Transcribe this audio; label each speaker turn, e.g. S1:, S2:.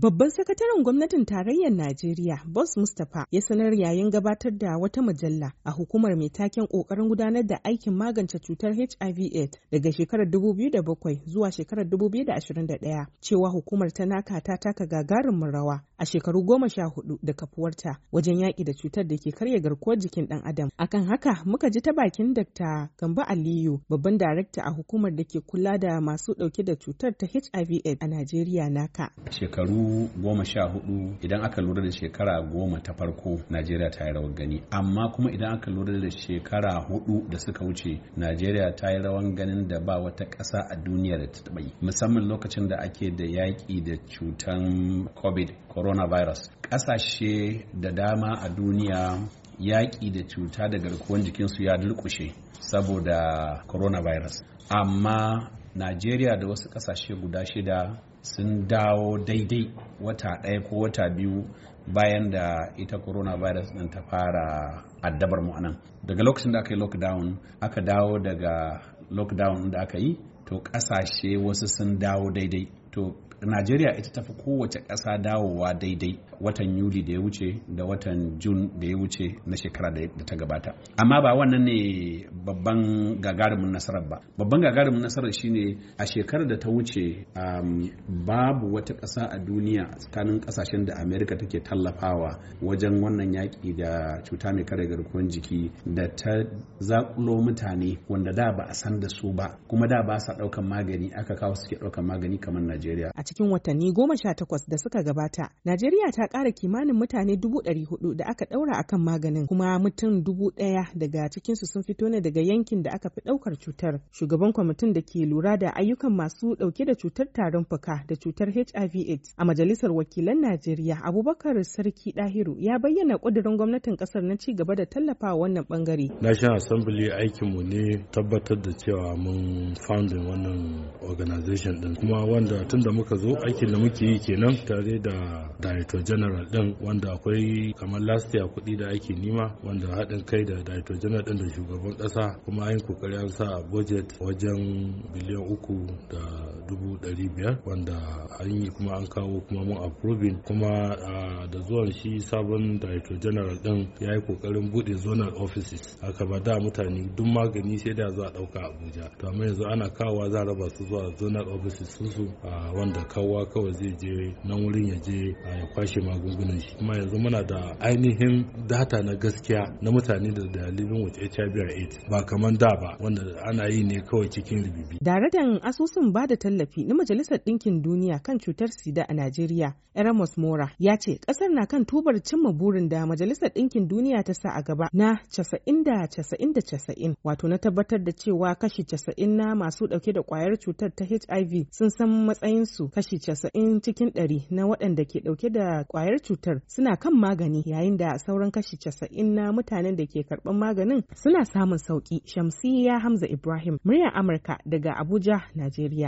S1: Babban sakataren gwamnatin tarayyar Najeriya, Boss Mustapha, ya sanar yayin gabatar da wata mujalla a hukumar mai taken ƙoƙarin gudanar da aikin magance cutar HIV/AIDS daga shekarar 2007 zuwa shekarar 2021 cewa hukumar ta naka ta taka gagarumin rawa a shekaru goma sha hudu da kafuwarta wajen yaƙi da cutar da ke karya garkuwar jikin ɗan adam. Akan haka muka ji ta bakin Dr. Gambo Aliyu, babban darakta a hukumar da ke kula da masu ɗauke da cutar ta HIV/AIDS a Najeriya naka.
S2: Shekaru goma sha hudu idan aka lura da shekara goma ta farko najeriya ta yi rawar gani amma kuma idan aka lura da shekara hudu da suka wuce najeriya ta yi rawan ganin da ba wata ƙasa a duniya da ta taɓa yi musamman lokacin da ake da yaƙi da cutan covid coronavirus ƙasashe da dama a duniya yaƙi da cuta da garkuwan jikinsu ya durƙushe saboda coronavirus amma najeriya da wasu kasashe guda shida sun dawo daidai wata ɗaya ko wata biyu bayan da ita coronavirus din ta fara addabar mu anan daga lokacin da aka yi lockdown aka dawo daga lockdown da aka yi to kasashe wasu sun dawo daidai to najeriya ita tafi kowace ƙasa dawowa daidai watan yuli da ya wuce da watan jun da ya wuce na shekara da ta gabata amma ba wannan ne babban gagarumin nasarar ba babban gagarumin nasarar shine a shekarar da ta wuce um, babu wata ƙasa a duniya tsakanin ƙasashen da amerika take tallafawa wajen wannan yaƙi da cuta mai kare garkuwar jiki da ta zaƙulo mutane wanda da ba a san da su ba kuma da ba sa ɗaukan magani aka kawo suke ɗaukan magani kamar najeriya
S1: cikin watanni goma sha takwas da suka gabata. Najeriya ta ƙara kimanin mutane dubu ɗari hudu da aka ɗaura akan maganin kuma mutum dubu ɗaya daga cikinsu sun fito ne daga yankin da aka fi ɗaukar cutar. Shugaban kwamitin da ke lura da ayyukan masu ɗauke da cutar tarin fuka da cutar HIV/AIDS a Majalisar Wakilan Najeriya Abubakar Sarki Dahiru ya bayyana ƙudurin gwamnatin ƙasar na ci gaba da tallafa wannan ɓangare.
S3: National Assembly aikinmu ne tabbatar da cewa mun founding wannan organization ɗin kuma wanda tun muka zo aikin da muke yi kenan tare da director general din wanda akwai kamar last year kuɗi da ake nima wanda haɗin kai da director general din da shugaban ƙasa kuma an yi kokari an sa a budget wajen biliyan uku da dubu ɗari biyar wanda an yi kuma an kawo kuma mun approving kuma da zuwan shi sabon director general din ya yi kokarin buɗe zonal offices haka ba da mutane duk magani sai da za a ɗauka abuja to amma yanzu ana kawowa za a raba su zuwa zonal offices su wanda kawa kawai zai je nan wurin ya je ya kwashe magungunan shi kuma yanzu muna da ainihin data na gaskiya na mutane da dalilin wace HIV AIDS ba kamar da ba wanda ana yi ne kawai cikin ribibi.
S1: daradan asusun ba da tallafi na Majalisar Ɗinkin Duniya kan cutar sida a Najeriya, Eramos Mora, ya ce ƙasar na kan tubar cimma burin da Majalisar Ɗinkin Duniya ta sa a gaba na 90-90-90 wato na tabbatar da cewa kashi casa'in na masu ɗauke da ƙwayar cutar ta HIV sun san matsayinsu kashi casa'in cikin ɗari na waɗanda ke ɗauke da kwayar cutar suna kan magani yayin da sauran kashi casa'in na mutanen da ke karɓar maganin suna samun sauƙi. Shamsiyya Hamza Ibrahim, muryar Amurka daga Abuja, Najeriya.